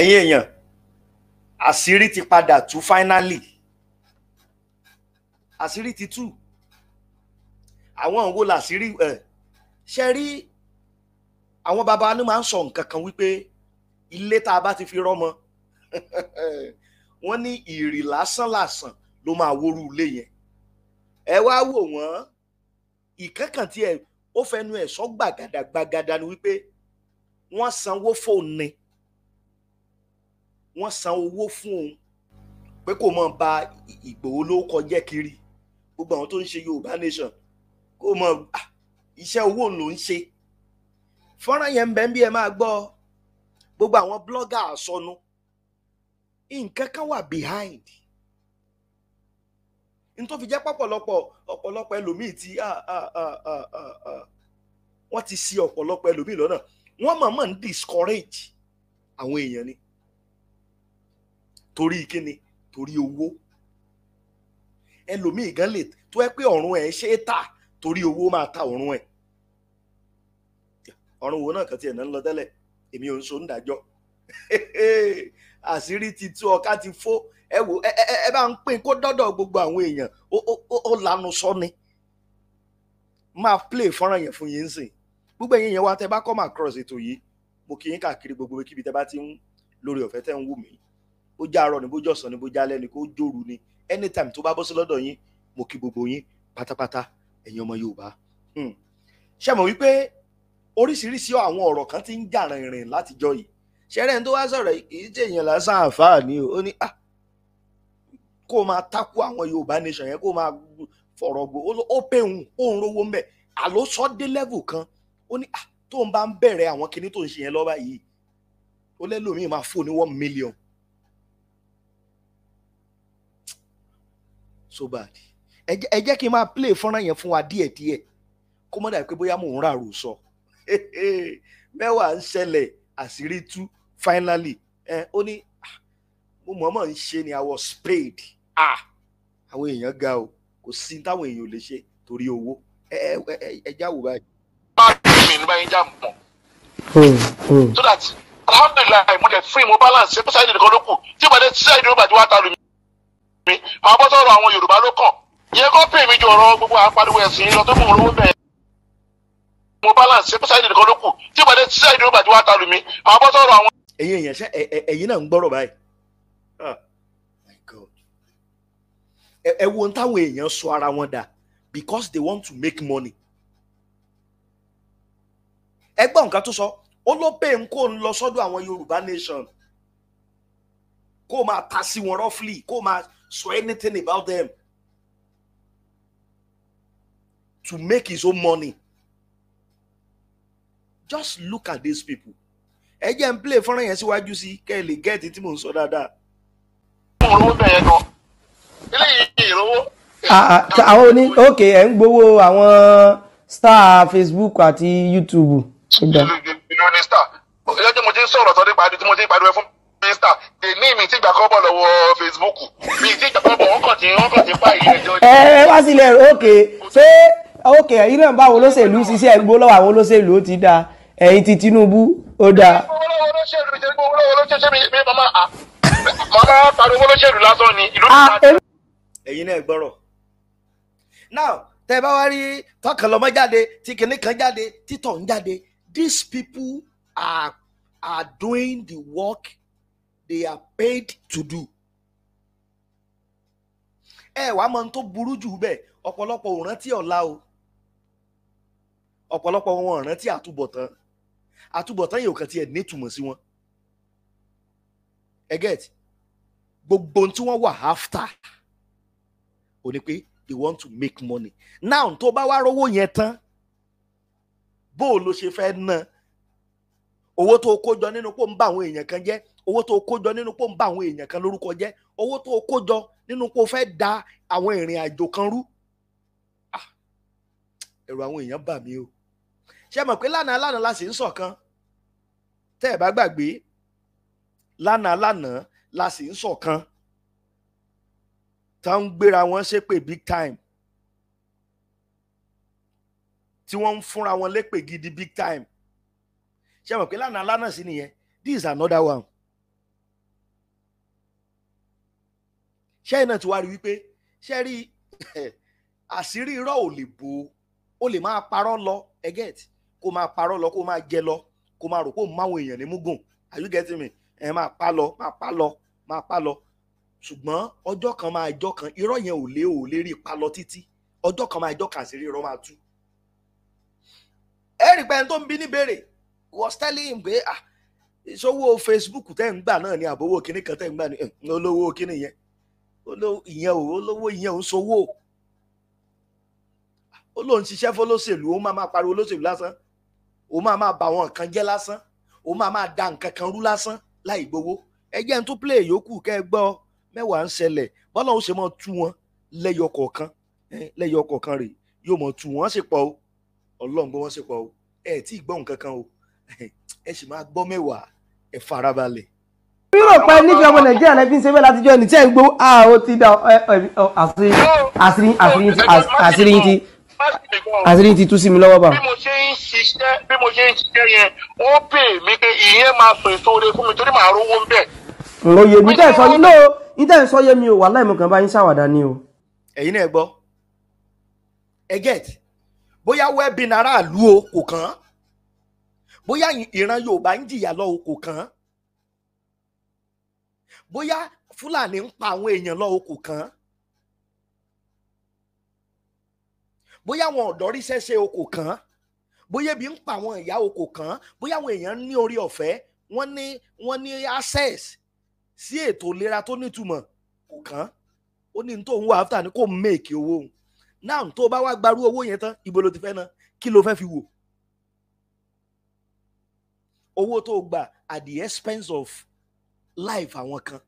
ẹ̀yin èèyàn àṣírí ti padà tú finally àṣírí ti tú àwọn òǹwò làṣírí ẹ ṣe rí àwọn baba ni máa ń sọ nǹkan kan wípé ilé tá a bá ti fi rọ́mọ wọ́n ní ìrì lásán lásán ló máa wóru ilé yẹn ẹ wá wò wọ́n ìkankan tí ẹ ó fẹnu ẹ sọ gbàgàdà gbàgàdà ni wípé wọ́n sanwó fóònù ni wọ́n san owó fún òun pé kó mọ̀ ba Ìgbòho ló kọjá kiri gbogbo àwọn tó ń ṣe Yorùbá nation kó mọ̀ ah, iṣẹ́ owó ló ń ṣe fọ́nrán yẹn ń bẹ bí ẹ máa gbọ́ gbogbo àwọn blogger àsọnu nǹkan kan wà behind n tó fi jẹ́ pọ̀pọ̀lọpọ̀ ọ̀pọ̀lọpọ̀ ẹlòmíì tí ah, ah, wọ́n ti ṣì ọ̀pọ̀lọpọ̀ ẹlòmíì lọ́nà wọ́n mọ̀ọ́mọ̀ ń discourage àwọn èèyàn ni. torí kíni torí owó ẹlòmíì gan lè tó ẹ pé ọ̀run ẹ̀ ṣe é tà torí owó máa ta ọ̀run ẹ̀ ọ̀run wo náà kàn tiẹ̀ náà ń lọ tẹ́lẹ̀ èmi ò ń so ń dájọ́ àṣírí ti tú ọká ti fó ẹ wò ẹ bá ń pín kó dọ́dọ̀ gbogbo àwọn èèyàn ó lanu sọ ni máa play fọ́nrán yẹn fún yín sìn gbogbo ẹ̀yin yẹn wá tẹ bá come across ètò yìí mo kí yín káàkiri gbogbo kíbi tẹ́ bá ti ń lórí ọ̀fẹ́ tẹ́ ń wù mí ó já arọ ni bó jọ̀sán ni bó já lẹ́ni kó jòrú ni anytime tó bá bọ́ sí lọ́dọ̀ yín mo kí gbogbo yín pátápátá ẹ̀yin ọmọ Yorùbá hmm. ṣe mọ̀ wípé oríṣiríṣi àwọn ọ̀rọ̀ kan ti ń jà rìnrìn látijọ́ yìí ṣẹ́rẹ́ tó wá sọ̀rọ̀ yìí kì èèyàn lásán àǹfààní o ó ní ah kó o máa takú àwọn Yorùbá nation yẹn kó o máa fọ̀rọ̀ gbò ó pẹ̀hùn ó ń rówó mbẹ̀ àló sọ dé level kan ó ní ah tó ń bá ń bẹ̀rẹ̀ àwọn kinní tó ń ṣe yẹn lọ́ba yìí ó lẹ́lòmíì máa fò ní one million so bad ẹ jẹ́ kí n máa play fọ́nrán yẹn fún wa díẹ̀díẹ̀ kó mọ́ dàbí pé bóyá mò ń ràrò sọ mẹ́wàá ń ṣẹlẹ̀ àṣírí tú finally ẹ ó ní ah, mo mọ̀ọ́mọ̀ ń ṣe ni I was sprayed ah àwọn èèyàn ga o kò sí táwọn èèyàn ò lè ṣe torí owó ẹ ẹ ẹ já wò báyìí. bá a bí mi ní báyìí já mọ̀ hmm, hmm. so that alhamdulilayi mo dẹ̀ free mo balance ṣe pé sáyẹn nìkan ló kù tí mo dẹ̀ ṣiṣẹ́ ìdúró bàjẹ́ wá ta lómi pé máa bọ́ sọ̀rọ̀ àwọn Yorùbá ló kàn yẹ kó pè mí jọ ọ̀rọ̀ gbogbo àpariwo ẹ̀sìn lọ tó mò ń rówó bẹ́ẹ̀ mo balance ṣe ṣáìdì nìkan ló kù tí ìpàdé ṣáìdì ló bàjẹ́ wá ta mí máa bọ́ sọ̀rọ̀ àwọn. ẹ̀yin èèyàn ṣe ẹ̀yin náà ń gbọ́rọ̀ báyìí ah, ẹ wo ohun táwọn èèyàn sọ ara wọn dà because they want to make money ẹgbọ́n nǹkan tó sọ ó ló pè ń kó ń lọ sọ́dọ̀ àwọn Yorùbá nation kó máa ta sí wọn roughly kó máa saw anything about them to make his own money. Just look at these people. Ẹ jẹ́ n play fọ́nrán yẹn síwájú sí kẹ́ ẹ lè gẹ́ẹ̀tì tí mò ń sọ dáadáa. Olówó bẹ̀rẹ̀ gan. Ilé yìí ìrówó. Àwọn oní òkè ẹ̀ ń gbowó àwọn star Facebook àti YouTube. Ìlú ni star. Ìlú ọjọ́ mo ti ń sọ̀rọ̀ sọ nípa àdìtí mo ti ń pariwo fún mi insta tèmi mi ti gbà kọ́bọ̀ lọ́wọ́ facebook mi ti gbà kọ́bọ̀ wọ́n kàn ti wọ́n kàn ti pa ìyẹn ẹjọ́ ẹ ẹ wá sílẹ̀ òkè ṣé òkè ẹ̀yin náà báwo olóṣèlú ṣiṣẹ́ ẹgbó lọ́wọ́ àwọn olóṣèlú ó ti da ẹ̀yin ti Tinubu ó da. ẹ̀yin náà gbọ́rọ̀ now tẹ́ bá wá rí tọkànlọ́mọ jáde tí kìnní kan jáde títọ̀ ń jáde these people are are doing the work they are paid to do. ẹ wàá mọ tó burú jù bẹ́ẹ̀ ọ̀pọ̀lọpọ̀ ò rántí ọ̀la o ọ̀pọ̀lọpọ̀ wọn ò rántí àtúbọ̀tán àtúbọ̀tán yìí ò kàn tiẹ̀ nítumọ̀ sí wọn ẹ get gbogbo tí wọ́n wà after ò ní pé they want to make money now tó bá wá rówó yẹn tán bó o lo ṣe fẹ́ ná owó tó kó jọ nínú pò ń bá àwọn èèyàn kan jẹ́ owó tó kó jọ nínú pò ń bá àwọn èèyàn kan lórúkọ jẹ́ owó tó kó jọ nínú pò fẹ́ da àwọn ìrìn àjò kan rú ah, ẹ̀rù àwọn èèyàn bà mí o ṣe mọ̀ pé lánàá lánàá la sì ń sọ̀kan tẹ́ ẹ̀ bá gbàgbé lánàá lánàá la sì ń sọ̀kan tá ń gbéra wọn ṣépè big time tí wọ́n ń fúnra wọn lépè gidi big time ṣe mọ̀ pé lánàá lánàá sí nìyẹn this is another one ṣẹ́yìn náà ti wá rí wípé ṣe rí àṣírí irọ́ ò lè bò ó ó lè máa parọ́ lọ ẹgẹ́t kó máa parọ́ lọ kó máa jẹ lọ kó máa rò kó máwọn èèyàn ní múgùn are you getting me ẹ máa pa lọ máa pa lọ máa pa lọ ṣùgbọ́n ọjọ́ kan máa jọ́ kan irọ́ yẹn ò lè ò lè rí pa lọ títí ọjọ́ kan máa jọ́ kan àṣírí irọ́ máa tú. ẹ̀rì pẹ́ẹ́n tó ń bí níbèrè was telling him pé ah ìṣòwò Facebook tẹ́ ń gbà náà ni àbówó kinní kan tẹ́ ń gbà ní olówó kinní yẹn ìyẹn ò olówó ìyẹn ò ń sowó ó lóun ṣiṣẹ́ fọlọ́sẹ̀lú ó máa máa pariwo olóṣèlú lásán ó máa máa bà wọn nǹkan jẹ́ lásán ó máa máa da nǹkan kan rú lásán láì gbowó ẹ jẹ́ n tún play yòókù kẹ́ ẹ gbọ́ mẹ́wàá ń ṣẹlẹ̀ bọ́lá ó ṣe máa tú wọn lẹ́yọ kọ̀ọ̀kan lẹ́yọ kọ̀ọ̀kan rè yóò máa tú wọn sì pọ̀ o ọlọ́run gbọ́ wọn sì pọ̀ o ẹ tí ì gbọ́ nǹkan kan o ẹ sì máa gbọ́ mẹ́wàá ẹ farabalẹ̀. yúrò pa nífẹ̀ẹ́ ọmọ nigeria lẹ́bí ń ṣe bẹ́ẹ̀ látijọ́ ẹni ti da asiri eh, eh, oh, asiri ti ti tú mi bí mo ṣe ń mo ṣe ń ṣiṣẹ́ yẹn ó sọ èso oore fún mi torí màá rówó ń mi o kan bá yín o. ẹ̀yin gbọ́ get bóyá lù bóyá ìran yorùbá ń bóyá fúlàní ń pa àwọn èèyàn lọ okò kan bóyá àwọn ọ̀dọ́ rí sẹ́sẹ́ okò kan bóyá ebi ń pa àwọn ìyá okò kan bóyá àwọn èèyàn ní orí ọ̀fẹ́ wọ́n ní wọ́n ní access sí ètò ìlera tó nítumọ̀ kò kàn ó ní tó ń wá after ni kò make owó òun náà tó bá wá gbarú owó yẹn tán ibo ló ti fẹ́ ná kí ló fẹ́ fi wò owó tó gbà at the expense of life àwọn kan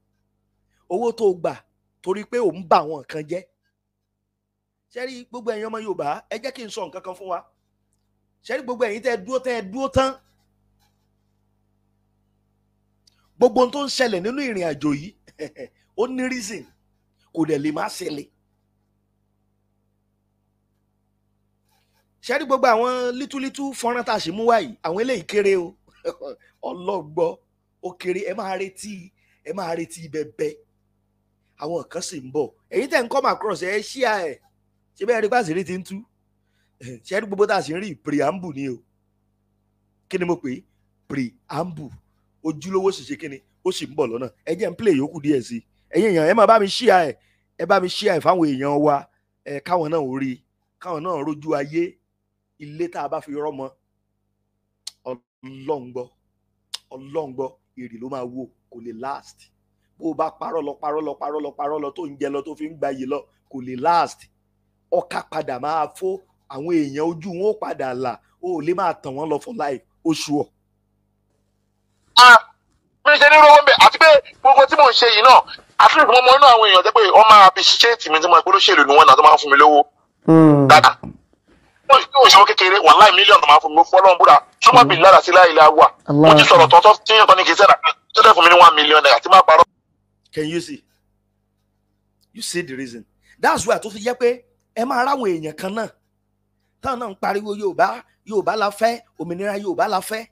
owó tó gbà torí pé òun bà àwọn kan jẹ́ ṣẹ́rí gbogbo ẹ̀yin ọmọ Yorùbá ẹ jẹ́ kí n sọ nǹkan kan fún wa ṣẹ́rí gbogbo ẹ̀yin tẹ́ ẹ dúró tẹ́ ẹ dúró tán gbogbo ohun tó ń ṣẹlẹ̀ nínú ìrìn àjò yìí ó ní reason kò dẹ̀ lè má ṣẹlẹ̀ ṣẹ́rí gbogbo àwọn lítúlítú fọ́nrán tá a ṣe mú wá àwọn eléyìí kéré o ọlọ́gbọ́n ó kéré ẹ máa retí ẹ máa retí bẹbẹ àwọn kan sì ń bọ̀ èyí tẹ̀ ń come across ẹ ṣíà ẹ̀ ṣé bẹ́ẹ̀ rí pàṣírí ti ń tú ṣe rí gbogbo tá a ṣe ń rí preamble ni o kí ni mo pè é preamble ojúlówó sì ṣe kí ni ó sì ń bọ̀ lọ́nà ẹ jẹ́ ń play yòókù díẹ̀ sí i ẹ̀yin èèyàn ẹ máa bá mi ṣíà ẹ̀ ẹ bá mi ṣíà ẹ̀ fáwọn èèyàn wa ẹ̀ káwọn náà ò rí i káwọn náà rójú ayé ilé tá a bá fi rọ́mọ ọlọ́ngbọ́ ọlọ́ngbọ́ èrè ló máa wò kò lè last bó o bá parọ́ lọ parọ́ lọ parọ́ lọ parọ́ lọ tó ń jẹ lọ tó fi ń gba yìí lọ kò lè last ọkà padà máa fó àwọn èèyàn ojú wọn ó padà là ó lè máa tàn wọ́n lọ for life oṣù ọ. bí ṣe ní rówó ń bẹ àti pé gbogbo tí mò ń ṣe yìí náà àti ìgbìmọ̀ mọ́ inú àwọn èèyàn jẹ́ pé wọ́n máa fi ṣiṣẹ́ tìmí tí mo ìpolóṣèlú ni wọ́n náà tó máa ń fún mi lówó hmm. dáadáa ìṣòro kékeré wàláì mílíọ̀nù máa fún mi fọlọ́n búra súnmọ́ bìí lára sí láìlá wà mo ti sọ̀rọ̀ tọ́tọ́ tí yẹn tán ní kí n sẹ́ra tó dẹ̀ fún mi ní one million naira tí máa parọ́. Can you see? You see the reason. That's why tó fi jẹ́ pé ẹ máa ráwọn èèyàn kan náà táwọn náà ń pariwo Yorùbá Yorùbá la fẹ́ òmìnira Yorùbá la fẹ́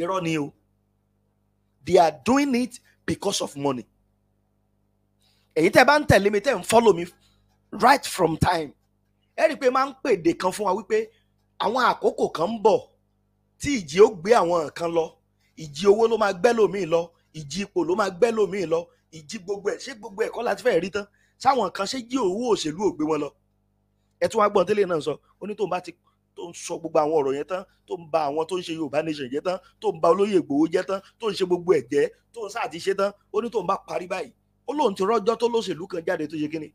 irọ́ ni o. They are doing it because of money. èyí tẹ́ bá ń tẹ̀lé mi tẹ́ ń follow me right from time ẹ rí i pé máa ń pèdè kan fún wa wípé àwọn àkókò kan ń bọ̀ tí ìjì ó gbé àwọn nǹkan lọ ìjì owó ló máa gbẹ́ lòmíì lọ ìjì ipò ló máa gbẹ́ lòmíì lọ ìjì gbogbo ẹ̀ ṣé gbogbo ẹ̀kọ́ láti fẹ́ rí tán sáwọn nǹkan ṣé jí owó òṣèlú ò gbé wọn lọ ẹ tún wá gbọ́n tẹ́lẹ̀ náà sọ ó ní tóun bá ti tó ń sọ gbogbo àwọn ọ̀rọ̀ yẹn tán tó ń ba àwọn tó ń ṣe Yorùbá nation jẹ́ tán tó ń ba olóyè Ìgbòho jẹ́ tán tó ń ṣe gbogbo ẹ̀ jẹ́ tó ń sáà ti ṣe tán ó ní tóun bá parí báyìí ó lóun ti rọ́jọ́ tó lóṣèlú kan jáde tó ṣe kíni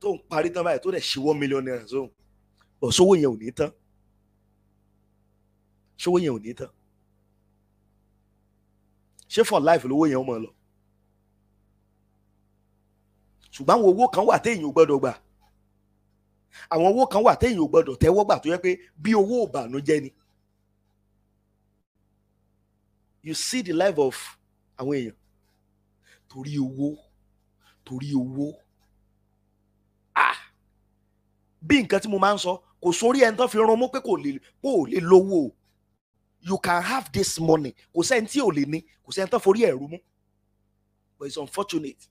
tó ń parí tán báyìí tó dẹ̀ ṣe one million naira sóhun bọ̀ sówó yẹn ò ní tán sówó yẹn ò ní tán ṣé for life lówó yẹn ó mọ̀ lọ ṣùgbọ́n àwọn owó kan wà téèyàn ò gbọ́dọ̀ gbà àwọn owó kan wà téèyàn ò gbọ́dọ̀ tẹ́wọ́ gbà tó yẹ pé bí owó ìbànújẹ́ ni you see the life of àwọn èèyàn torí owó torí owó bí nǹkan tí mo máa ń sọ kò sórí ẹni tó fi rán mú pé kò lè kò lè lówó you can have this money kò sẹ́ni tí ò lè ní kò sẹ́ni tó forí ẹ̀rú mú but it's unfortunate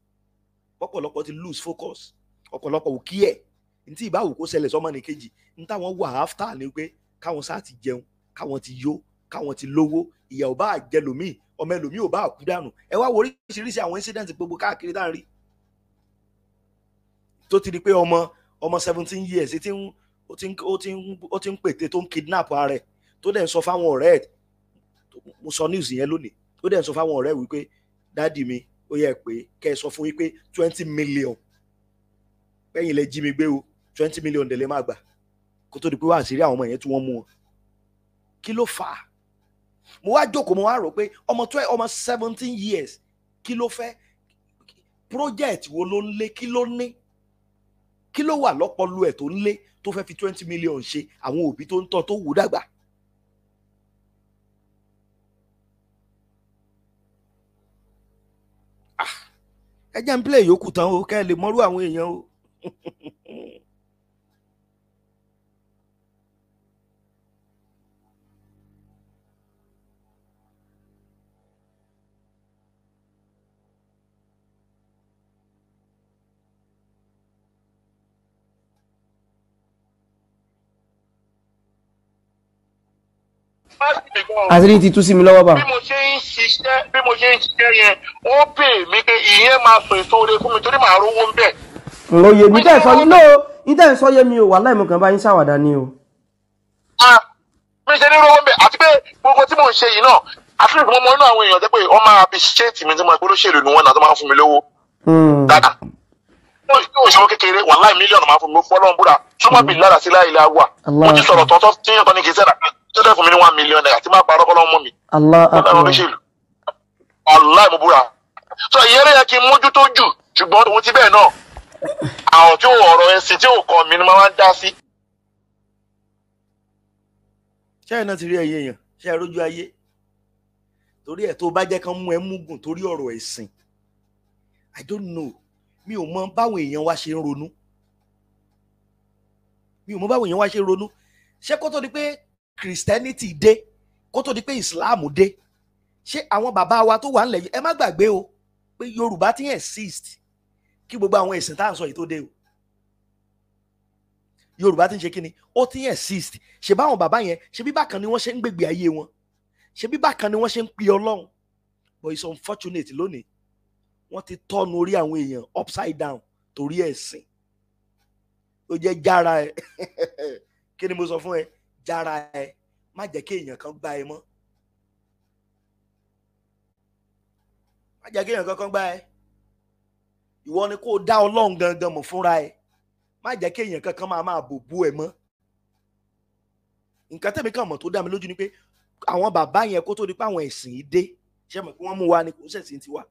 ọ̀pọ̀lọpọ̀ ti lose focus ọ̀pọ̀lọpọ̀ ò kí ẹ̀ ntí ìbáwò kó ṣẹlẹ̀ sọ́mọ ní kejì ntáwọn wà after ni pé káwọn sáà ti jẹun káwọn ti yó káwọn ti lówó ìyà ò bá jẹ lòmíì ọmọ ẹlòmíì ò bá kú dànù ẹ wá wo oríṣiríṣi àwọn incident gbogbo káàkiri dáa rí tó ti di pé ọmọ ọmọ seventeen years ti ń ó ti ń ó ti ń ó ti ń pète tó ń kidnap ara ẹ̀ tó dẹ̀ ń sọ fáwọn ọ̀rẹ́ ẹ̀ mo sọ news yẹn lónìí tó dẹ̀ ń sọ fáwọn ọ̀rẹ́ wípé dáàdì mi ó yẹ pé kẹ́ ẹ sọ fún yín pé twenty million pẹ́yìn lẹ jí mi gbé o twenty million dẹ̀ lè má gbà kó tó di pé wàá sí rí àwọn ọmọ yẹn tí wọ́n mú wọn kí ló fà á mo wá jókòó mo wá rò pé ọmọ twelve ọmọ seventeen years kí ló fẹ́ project wo ló ń lé kí ló ní kí ló wà lọ́pọ̀lọ́ ẹ̀ tó ń lé tó fẹ́ fi twenty million ṣe àwọn òbí tó ń tọ́ tó wù dàgbà. Ah, ẹ jẹ́ ń play yòókù tán o kẹ́ ẹ lè mọ́rú àwọn èèyàn o. àṣírí ti tú sí mi lọ́wọ́ bá. bí mo ṣe ń ṣiṣẹ́ bí mo ṣe ń ṣiṣẹ́ yẹn ó bè mí pé ìyẹn máa sọ èso oore fún mi torí màá rówó ń bẹ̀. òye mi tẹ́ ẹ̀ sọ yín lóo yín tẹ́ ẹ̀ sọ yé mi o wàhálà ìmọ̀kàn bá yín ṣàwàdà ni o. Ah, mi ṣe ní rówó ń bẹ̀ àti pé gbogbo tí mò ń ṣe yìí náà àti pé mo mọ inú àwọn èèyàn jẹ́ pé wọ́n máa fi ṣe tì mí tí mo gbọ́dọ̀ ṣèlú ni wọ́n náà tó máa ń fún mi lówó. Hmm. dáadáa hmm. mo ti sọ̀rọ̀ tó dẹ̀ fún mi ní one million naira tí máa parọ́ kọ́ lọ́wọ́ mọ́ mi. aláàbò mo búra sọ ìyẹn yẹ kí n mójútó jù ṣùgbọ́n òun ti bẹ́ẹ̀ náà àwọn tí òun ọ̀rọ̀ ẹ̀sìn tí òun kọ́ mi ni máa ń dá sí. ṣẹ́yìn náà ti rí ẹ̀yìn èèyàn ṣe é rójú ayé torí ẹ̀ tó bá jẹ́ kán mú ẹ múgùn torí ọ̀rọ̀ ẹ̀sìn i don't know mi ò mọ báwọn èèyàn wa ṣe ń ronú mi ò mọ báwọn èèyàn wa ṣe ń ronú ṣé kó tó pé christianity dé kó tó di pé islam dé ṣé àwọn bàbá wa tó wà nílẹ̀ yìí ẹ má gbàgbé o pé yorùbá ti exist kí gbogbo àwọn ẹ̀sìn tá à ń sọ yìí tó dé o yorùbá ti ń ṣe kíni ó ti exist ṣe báwọn bàbá yẹn ṣe bí bákan ni wọ́n ṣe ń gbègbè ayé wọn ṣe bí bákan ni wọ́n ṣe ń pe ọlọ́run but it's unfortunate lónìí wọ́n ti tọ́nu orí àwọn èèyàn upside down torí ẹ̀sìn ó jẹ́ jára ẹ̀ kí ni mo sọ fún ẹ dára ẹ má jẹ́ kí èèyàn kan gbá ẹ mọ́ má jẹ́ kí èèyàn kankan gbá ẹ ìwọ ni kó o dá ọlọ́run gangan mọ̀ fúnra ẹ má jẹ́ kí èèyàn kankan máa máa bò bú ẹ mọ́ nǹkan tẹ̀mí kan mọ̀ tó dá mi lójú ni pé àwọn bàbá yẹn kó tó di pé àwọn ẹ̀sìn yìí dé ṣé mo pé wọ́n mú wa ni kò ń ṣẹ̀sìn tiwa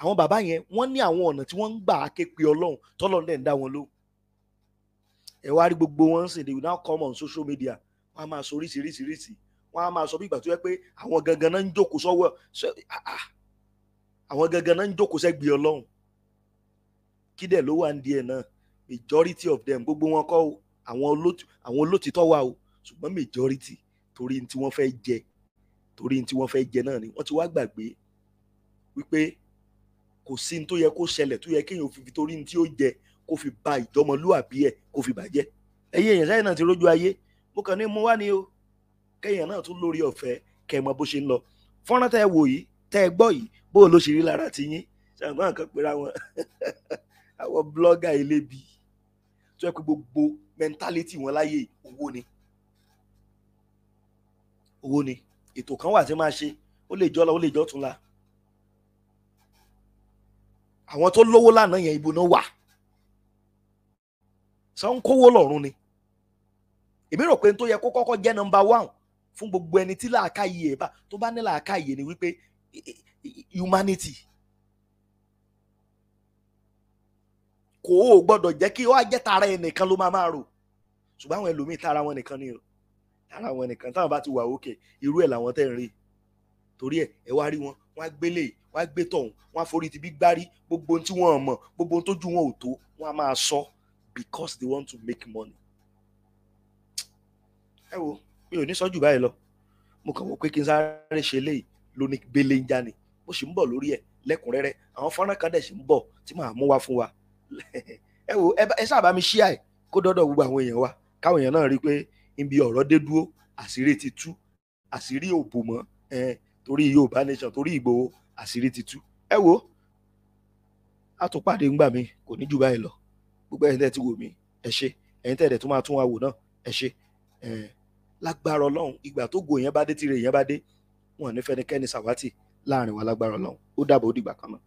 àwọn bàbá yẹn wọ́n ní àwọn ọ̀nà tí wọ́n ń gbà á ké pe ọlọ́run tọ́lọ́run dẹ̀ ń dá wọn lóhùn ẹ wá rí gbogbo wọn ń they will now come on social media wọn á máa sọ oríṣiríṣiríṣi wọn á máa sọ bí ìgbà tó yẹ pé àwọn gangan náà ń jókòó sọ́wọ́ ah, ah. àwọn gangan náà ń jókòó sẹ́gbẹ̀ẹ́ ọlọ́run kí dẹ̀ ló wà ń di náà majority of them gbogbo wọn kọ́ àwọn olótìtọ́ wà o ṣùgbọ́n majority torí tí wọ́n fẹ́ jẹ torí tí wọ́n fẹ́ jẹ náà ni wọ́n ti wá gbàgbé wípé kò sí ní tó yẹ kó ṣẹlẹ̀ tó yẹ kéèyàn fi torí tí ó jẹ kó fi ba ìjọmọlúwàbí ẹ̀ kó fi bàjẹ́ ẹ̀yin èèyàn sẹ́yìn náà ti rójú ayé mo kàn ní mo wá ní o kẹ́yìn náà tún lórí ọ̀fẹ́ kẹ́ mọ bó ṣe ń lọ fọ́nrán tẹ́ wò yìí tẹ́ gbọ́ yìí bó ló ṣe rí lára ti yín ṣàǹgbọ́n nǹkan pera wọn àwọn blọ́gà elébi tó yẹ kó gbogbo mẹ́ńtálítì wọn láyé owó ni owó ni ètò kan wà tí máa ṣe ó lè jọ́ la ó lè jọ́ tún la àwọn tó lówó lánàá yẹn ibo wà sọ ń kówó lọ́rùn ni èmi rò pé n tó yẹ kó kọ́kọ́ jẹ́ nọmba one fún gbogbo ẹni tí làákàyè ẹ̀ bá tó bá ní làákàyè ni wípé humanity kò ó gbọ́dọ̀ jẹ́ kí ó wá jẹ́ tara ẹnìkan ló máa máa rò ṣùgbọ́n àwọn ẹlòmíì tara wọn nìkan ni o tara wọn nìkan táwọn bá ti wà òkè irú ẹ̀ làwọn tẹ̀ ń rí torí ẹ̀ ẹ wá rí wọn wọ́n á gbélé wọ́n á gbé tọ̀hún wọ́n á forí ti bí gbárí gbogbo ohun tí wọ́n mọ̀ gbogbo ohun tójú wọn ò tó wọ́n á máa sọ. So because they want to make money. ẹ wo mi ò ní sọ́jú báyìí lọ mo kàn wò pé kí n sáré ṣe léyìí lónìí gbélé ń já ni mo sì ń bọ̀ lórí ẹ̀ lẹ́kùnrẹ́rẹ́ àwọn fọ́nrán kan dẹ̀ sì ń bọ̀ tí màá mú wá fún wa ẹ wo ẹ sábà mi ṣíà ẹ kó dọ́dọ̀ gbogbo àwọn èèyàn wa káwọn èèyàn náà rí i pé ibi ọ̀rọ̀ dé dúró àṣírí ti tú àṣírí ò bò mọ́ torí Yorùbá nation torí Ìgbòho àṣírí ti tú ẹ wo a tún pàdé ńgbà mi kò ní jù báyìí lọ gbogbo ẹ̀yin tẹ́ ti wò mí ẹ ṣé ẹ̀yin tẹ́ tó máa tún wa wò náà ẹ ṣé lágbára ọlọ́run ìgbà tó gò yẹn bá dé tirẹ̀ yẹn bá dé wọn ní fẹnikẹ́ni sàwátì láàrin wa lágbára ọlọ́run ó dàbọ̀ ó dìgbà kan náà.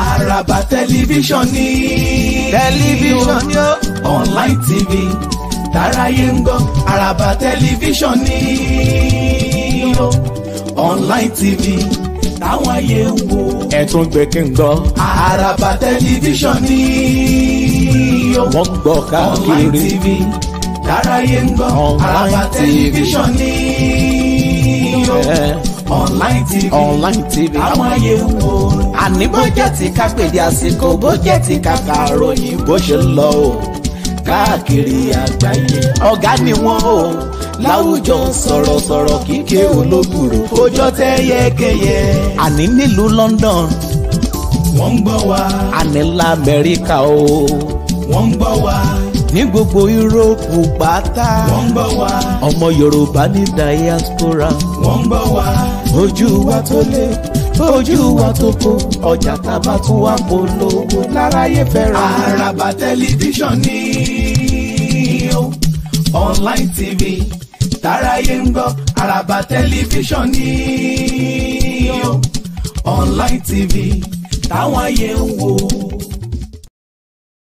àràbà tẹlifíṣàn ni tẹlifíṣàn ni ó online tv tàráyé ń gbọ́ àràbà tẹlifíṣàn ni ó online tv táwọn ayé ń wo. ẹ̀tún gbẹ̀kẹ̀ ń gbọ́. àràbà tẹlifíṣàn ni ó. wọ́n gbọ́ káàkiri. online tv dáráyé ń gbọ́. àràbà tẹlifíṣàn ni ó. online tv online tv táwọn ayé ń wo. àní bó jẹ́ ti ká pèdé àsìkò bó jẹ́ ti ká kàròyìn bó ṣe lọ o káàkiri àgbáyé ọ̀gá ni wọ́n o láwùjọ sọ̀rọ̀sọ̀rọ̀ kíkẹ́ olóbùrò kójọ tẹ́ yẹ́kẹ́yẹ. àní nílùú London. wọ́n ń gbọ́ wa. àní la Amẹ́ríkà o. wọ́n ń gbọ́ wa ní gbogbo yúróòpù pátá. wọ́n ń gbọ́ wa. ọmọ yorùbá ní diaspora. wọ́n ń gbọ́ wa. ojú wa tó lé ojú wa tó kó ọjà tábà tún wá polówó láráyé fẹ́ràn. àràbà tẹlifíṣàn ni online tv táráyé ń gbọ́ àràbà tẹlifíṣàn ni o online tv táwọn ayé ń wò.